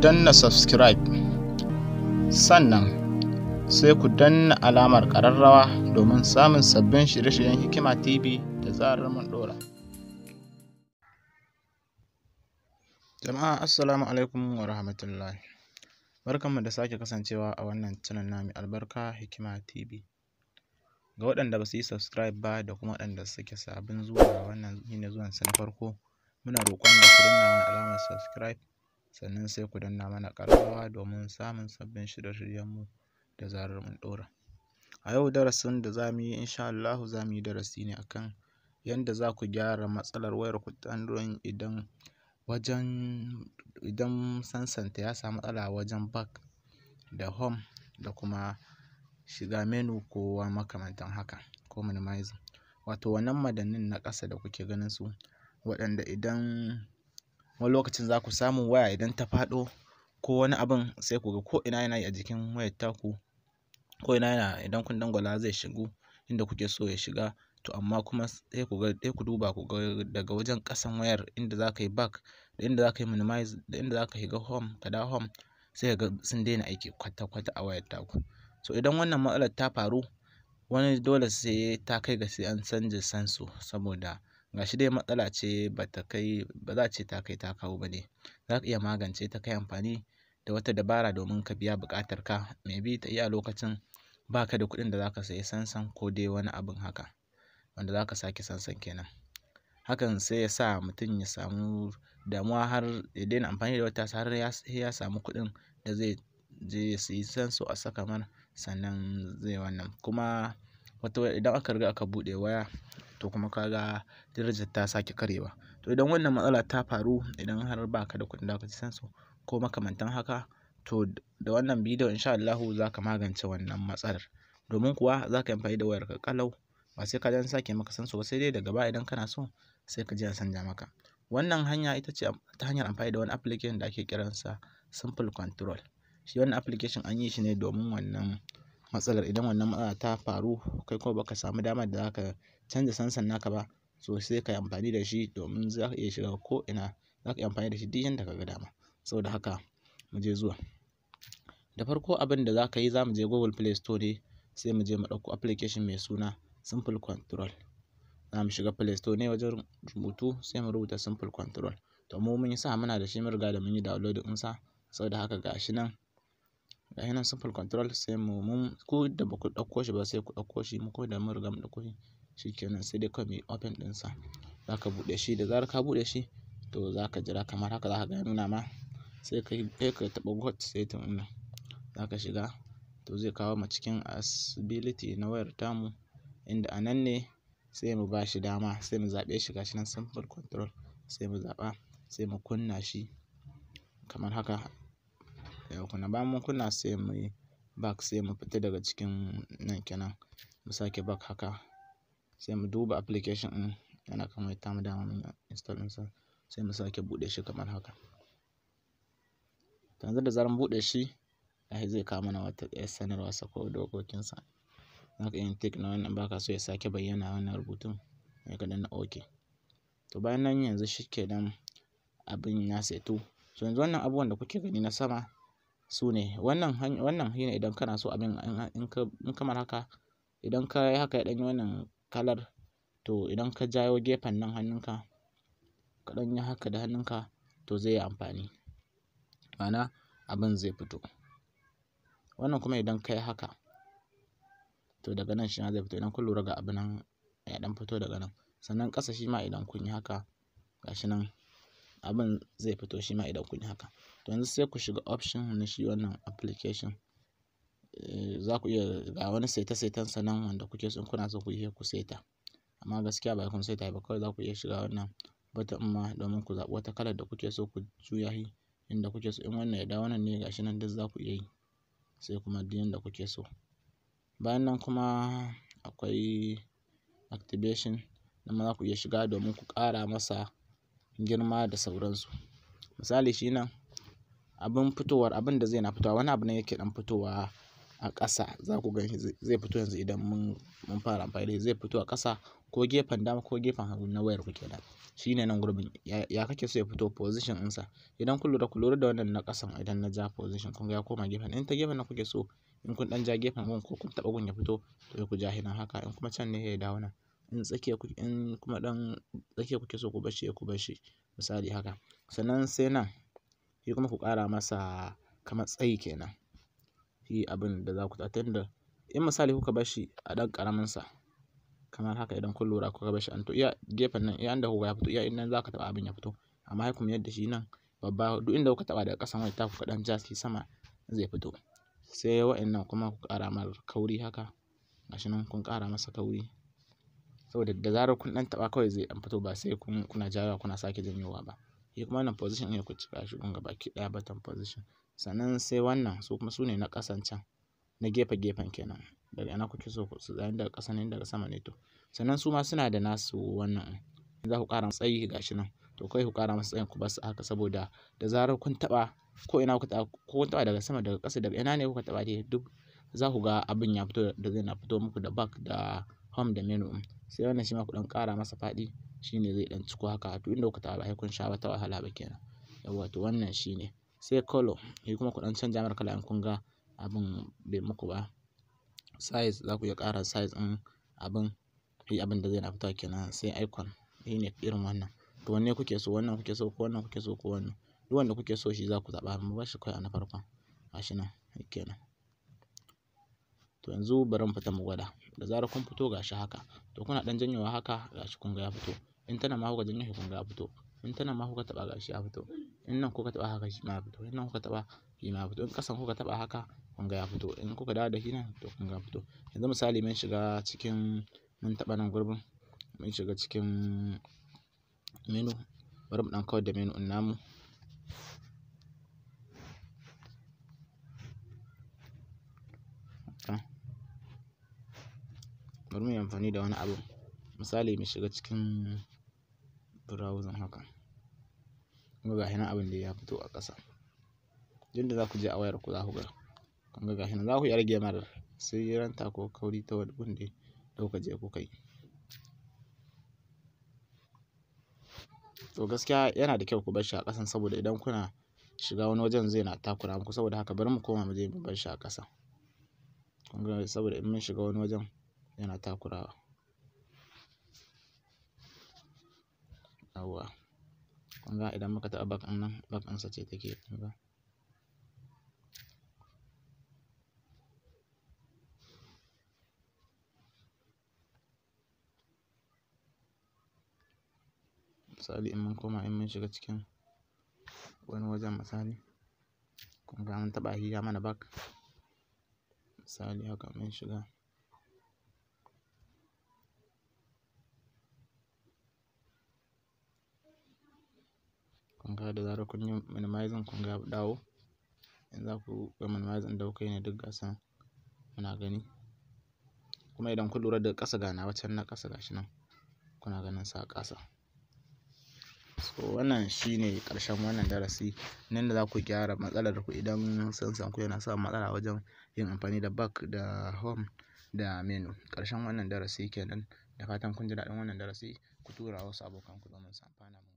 danna subscribe sannan sai ku danna alamar ƙararrawa domin samun sabbin shirye-shiryen hikima tv da zarar mun dora jama'a assalamu alaikum wa rahmatullahi barkanmu da sake kasancewa a wannan channel nami albarka hikima tv ga waɗanda ba su yi subscribe ba da kuma waɗanda suke sabbin zuwa wannan gine-zuwan su na farko muna roƙon da ku danna alamar subscribe sannan sai ku danna mana ƙararrawa domin samun sabbin shirye-shiryenmu da zarar mun ɗora. A yau darasin da za mu yi insha Allahu za mu yi darasi ne akan yanda za ku gyara matsalar ku ta Android idan wajen idan sansanta ya samu matsala wajen back da home da kuma shiga menu ko makamantan haka ko minimizing. Wato wannan madannin na ƙasa da kuke ganin su waɗanda idan wani lokacin za ku samu waya idan ta faɗo ko wani abin sai ku ga koina yana yi a jikin wayar taku ko ina yana idan kun dangwala zai shigo inda kuke so ya shiga to amma kuma sai ku ga sai ku duba ku ga daga wajen ƙasan wayar inda za ka yi back da inda za ka yi minimize da inda za ka shiga home ka dawo home sai ka ga sun daina aiki kwata-kwata a wayar taku so idan wannan matsalar ta faru wani dole sai ta kai ga sai an canja sensor saboda Ga shi dai matsala ce ba ta kai ba za ce ta kai ta kawo ba ne. Za ka iya magance ta kai amfani da wata dabara domin ka biya buƙatar ka mai biyu ta iya lokacin ba ka da kuɗin da za ka sayi sansan ko dai wani abin haka wanda za ka sake sansan kenan. Hakan sai ya sa mutum ya samu damuwa har ya daina amfani da wata har ya, samu kuɗin da zai je ya sayi sanso a saka mana sannan zai wannan. Kuma wata idan aka riga aka buɗe waya. to kuma kaga darajar ta sake karewa to idan wannan matsala ta faru idan har baka da kuɗin da ka ci sansu ko makamantan haka to da wannan bidiyo insha Allah za ka magance wannan matsalar domin kuwa za ka yi amfani da wayarka kalau ba sai ka dan sake maka sansu ba sai dai daga baya idan kana so sai ka je a sanja maka wannan hanya ita ce ta hanyar amfani da wani application da ake kiransa simple control shi wannan application an yi shi ne domin wannan matsalar idan wannan matsala ta faru kai kuma baka samu damar da zaka canza sansan naka ba so sai ka yi amfani da shi domin za ka iya shiga ko ina za ka yi amfani da shi duk yanda ka ga dama saboda haka mu zuwa da farko abin da za ka yi za mu je google play store ne sai muje je mu ɗauko application mai suna simple control za mu shiga play store ne wajen rubutu sai mu rubuta simple control to mu mun sa muna da shi mun riga da mun yi download ɗinsa saboda haka gashi nan gashi nan simple control sai mu mun ku da baku dauko shi ba sai ku dauko shi mu kuma da mun riga mu dauko shi shikenan sai dai kawai mu open din sa ka buɗe shi da zarar ka buɗe shi to za jira kamar haka zaka ka ga nuna ma sai ka kai ka taɓa got sai ta nuna za shiga to zai kawo mu cikin accessibility na wayar tamu inda a nan ne sai mu ba shi dama sai mu zabe shi gashi nan simple control sai mu zaba sai mu kunna shi kamar haka daga kuna ba mun kunna sai mu yi back sai mu fita daga cikin nan kenan mu sake back haka sai mu duba application din yana kamar ta mu dama mun install sa sai mu sake bude shi kamar haka yanzu da zaran bude shi ai zai kawo mana wata ɗaya sanarwa dokokin sa za ka yin take na wannan baka so ya sake bayyana wannan rubutun ya ka danna ok to bayan nan yanzu shi kenan abin ya saitu so yanzu wannan abubuwan da kuke gani na sama Su ne wannan wannan ne idan kana so abin in in kamar haka idan ka yi haka ya ɗanyi wannan kalar to idan ka jawo gefen nan hannunka ka ɗan yi haka da hannunka to zai yi amfani mana abin zai fito wannan kuma idan ka yi haka to daga nan shi ma zai fito idan kun lura ga abin nan ya ɗan fito daga nan sannan ƙasa shi ma idan kun yi haka ga shi nan abin zai fito shi ma idan kun yi haka to yanzu sai ku shiga option na shi wannan application eh, za ku iya ga wani saita saitan sanan wanda kuke son kuna so ku yi ku saita amma gaskiya ba kun saita ba kawai za ku iya shiga wannan button ma domin ku zaɓi wata kalar da kuke so ku juya shi inda kuke so in wannan ya dawo nan ne gashi nan duk za ku iya yi sai kuma duk yanda kuke so bayan nan kuma akwai activation nan ma za ku iya shiga domin ku ƙara masa girma da sauransu misali shi nan abin fitowar abin da zai na fitowa wani abu ne yake dan fitowa a ƙasa za ku gani zai fito yanzu idan mun fara amfani da zai fito a ƙasa ko gefen dama ko gefen hagu na wayar ku kenan ne nan gurbin ya kake so ya fito position ɗinsa idan kun lura ku lura da wannan na ƙasan idan na ja position kun ga ya koma gefen in ta gefen na kuke so in kun ɗan ja gefen gun ko kun taɓa gun ya fito to ku ja nan haka in kuma can ne ya dawo nan in tsakiya in kuma ɗan tsakiya kuke so ku bashi ku bashi misali haka sannan sai nan shi kuma ku ƙara masa kamar tsayi kenan shi abin da za ku tsatar da in misali kuka bashi a dan ƙaramin sa kamar haka idan kun lura kuka bashi an to iya gefen nan iya inda kuka ya fito iya inda za ka taɓa abin ya fito amma haiku mai yadda shi nan babba duk inda kuka taɓa daga ƙasan wani taku kaɗan ja shi sama zai fito sai nan kuma ku ƙara mar kauri haka gashi nan kun ƙara masa kauri saboda da zarar kun ɗan taɓa kawai zai ɗan fito ba sai kun kuna jawa kuna sake janyowa ba shi kuma wannan position ne ku cika shi kun baki ɗaya button position sannan sai wannan su kuma su ne na ƙasan can na gefe gefen kenan daga ina kuke so su zayin daga ƙasa ne daga sama ne to sannan su ma suna da nasu wannan za ku ƙara tsayi gashi nan to kai ku ƙara masa tsayin ku basu haka saboda da zarar kun taɓa ko ina ku taɓa ko kun taba daga sama daga kasa daga ina ne kuka taɓa dai duk za ku ga abin ya fito da zai na fito muku da back da home da menu ɗin sai wannan shi ma ku ɗan ƙara masa faɗi shine zai ɗan ciko haka to inda kuka taɓa sai kun sha wata wahala ba kenan yawwa to wannan shine sai color shi kuma ku ɗan canja mar kala in kun ga abin bai muku ba size za ku iya ƙara size ɗin abin shi abin da zai na fita kenan sai icon shi ne irin wannan to wanne kuke so wannan kuke so ko wannan kuke so ko wannan duk wanda kuke so shi za ku zaɓa mu ba shi kawai a na farkon shi nan kenan to yanzu bari mu fita mu gwada da zarar kun fito gashi haka to kuna dan janyowa haka gashi kun ga ya fito in tana ma kuka janyo kun ga ya fito in tana ma kuka taba gashi ya fito in nan kuka taba haka shi ma ya fito in nan kuka taba shi ma ya fito in kasan kuka taba haka kun ga ya fito in kuka dawo da shi nan to kun ga ya fito yanzu misali mun shiga cikin mun taba nan gurbin mun shiga cikin menu bari mu dan kawar da menu din namu Bari mu yi amfani da wani abu. Misali mu shiga cikin browser haka. Kun ga gashinan abin da ya fito a ƙasa. Duk inda za ku je a wayar ku za ku ga. Kun ga gashinan za ku iya rage yi ranta ko kauri ta wani gun dai da kuka je ku kai To gaskiya yana da kyau ku bar shi a ƙasan saboda idan kuna shiga wani wajen zai na takura muku saboda haka bari mu koma mu je mu bar shi a ƙasa. saboda in mun shiga wani wajen yana takurawa. yawwa Kun ga idan muka taɓa back ɗin nan, back ɗinsa ce take kun ga. Misali in mun koma in mun shiga cikin wani wajen misali, kun ga an taɓa shi mana bak misali haka mun shiga kun ga da zarar kun yi minimizing kun ga dawo in za ku ga minimizing da kai ne duk gasan muna gani kuma idan kun lura da ƙasa gana wacan na ƙasa gashi nan kuna ganin sa ƙasa so wannan shine karshen wannan darasi nan da za ku gyara matsalar ku idan san ku yana sa matsala wajen yin amfani da back da hom da menu karshen wannan darasi kenan da fatan kun ji daɗin wannan darasi ku tura wasu abokan ku domin su amfana